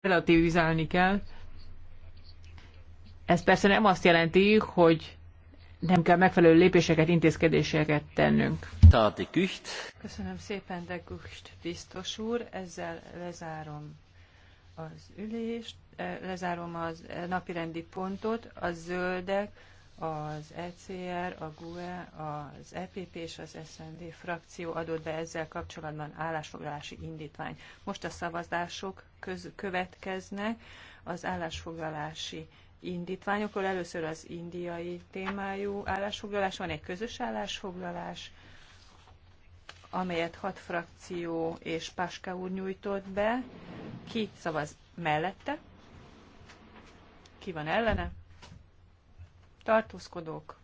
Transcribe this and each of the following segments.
relativizálni kell. Ez persze nem azt jelenti, hogy nem kell megfelelő lépéseket, intézkedéseket tennünk. Köszönöm szépen, de Kücht biztos úr. Ezzel lezárom az ülést, eh, lezárom az eh, napirendi pontot, a zöldek, az ECR, a GUE, az EPP és az SND frakció adott be ezzel kapcsolatban állásfoglalási indítvány. Most a szavazások köz, következnek az állásfoglalási indítványokról. Először az indiai témájú állásfoglalás, van egy közös állásfoglalás, amelyet hat frakció és Páska úr nyújtott be. Ki szavaz mellette? Ki van ellene? tartózkodók,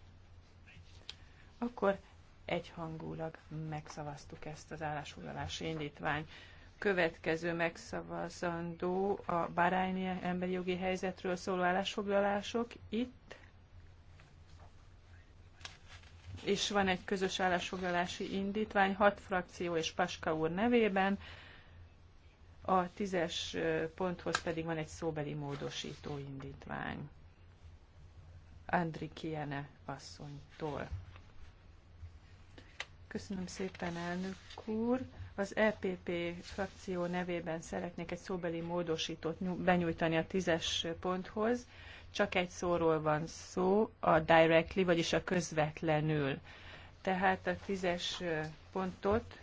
akkor egyhangulag megszavaztuk ezt az állásfoglalási indítvány. Következő megszavazandó a bárányi emberi jogi helyzetről szóló állásfoglalások. Itt és van egy közös állásfoglalási indítvány, hat frakció és Paska úr nevében, a tízes ponthoz pedig van egy szóbeli módosító indítvány. Andrikiene asszonytól. Köszönöm szépen, elnök úr! Az EPP frakció nevében szeretnék egy szóbeli módosítót benyújtani a tízes ponthoz. Csak egy szóról van szó, a directly, vagyis a közvetlenül. Tehát a tízes pontot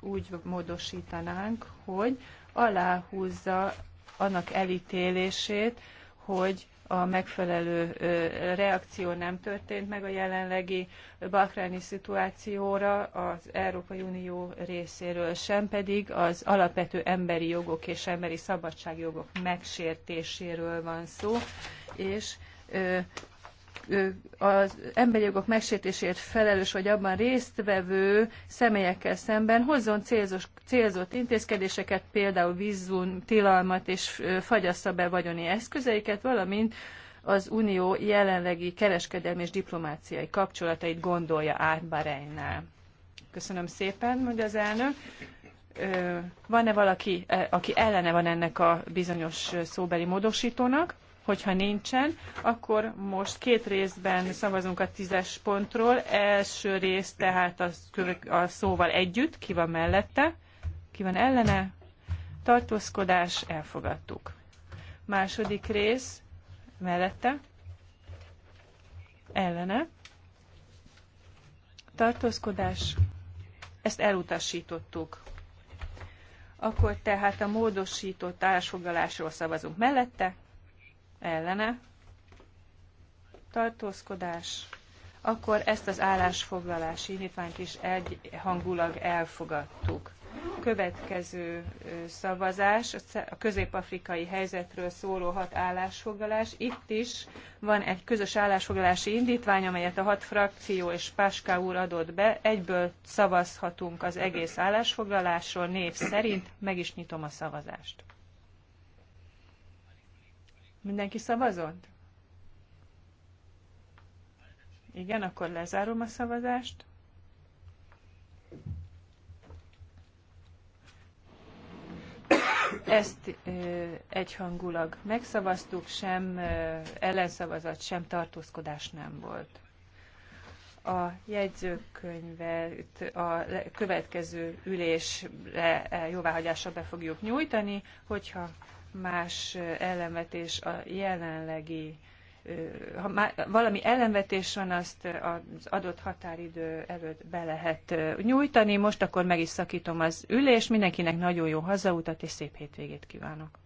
úgy módosítanánk, hogy aláhúzza annak elítélését, hogy a megfelelő reakció nem történt meg a jelenlegi bakráni szituációra, az Európai Unió részéről sem pedig az alapvető emberi jogok és emberi szabadságjogok megsértéséről van szó, és az emberi jogok megsértéséért felelős vagy abban résztvevő személyekkel szemben hozzon célzos, célzott intézkedéseket, például vízzun tilalmat és fagyassza be vagyoni eszközeiket, valamint az Unió jelenlegi kereskedelmi és diplomáciai kapcsolatait gondolja át Bahreinnál. Köszönöm szépen, mondja az elnök. Van-e valaki, aki ellene van ennek a bizonyos szóbeli módosítónak? Hogyha nincsen, akkor most két részben szavazunk a tízes pontról. Első rész tehát a, a szóval együtt, ki van mellette, ki van ellene, tartózkodás, elfogadtuk. Második rész mellette, ellene, tartózkodás, ezt elutasítottuk. Akkor tehát a módosított társfoglalásról szavazunk mellette, ellene tartózkodás, akkor ezt az állásfoglalási indítványt is egyhangulag elfogadtuk. Következő szavazás, a közép-afrikai helyzetről szóló hat állásfoglalás. Itt is van egy közös állásfoglalási indítvány, amelyet a hat frakció és Páska úr adott be. Egyből szavazhatunk az egész állásfoglalásról név szerint. Meg is nyitom a szavazást. Mindenki szavazott? Igen, akkor lezárom a szavazást. Ezt egyhangulag megszavaztuk, sem ellenszavazat, sem tartózkodás nem volt. A jegyzőkönyvet a következő ülésre e, jóváhagyásra be fogjuk nyújtani, hogyha más ellenvetés a jelenlegi, ha már valami ellenvetés van, azt az adott határidő előtt be lehet nyújtani. Most akkor meg is szakítom az ülést, mindenkinek nagyon jó hazautat és szép hétvégét kívánok.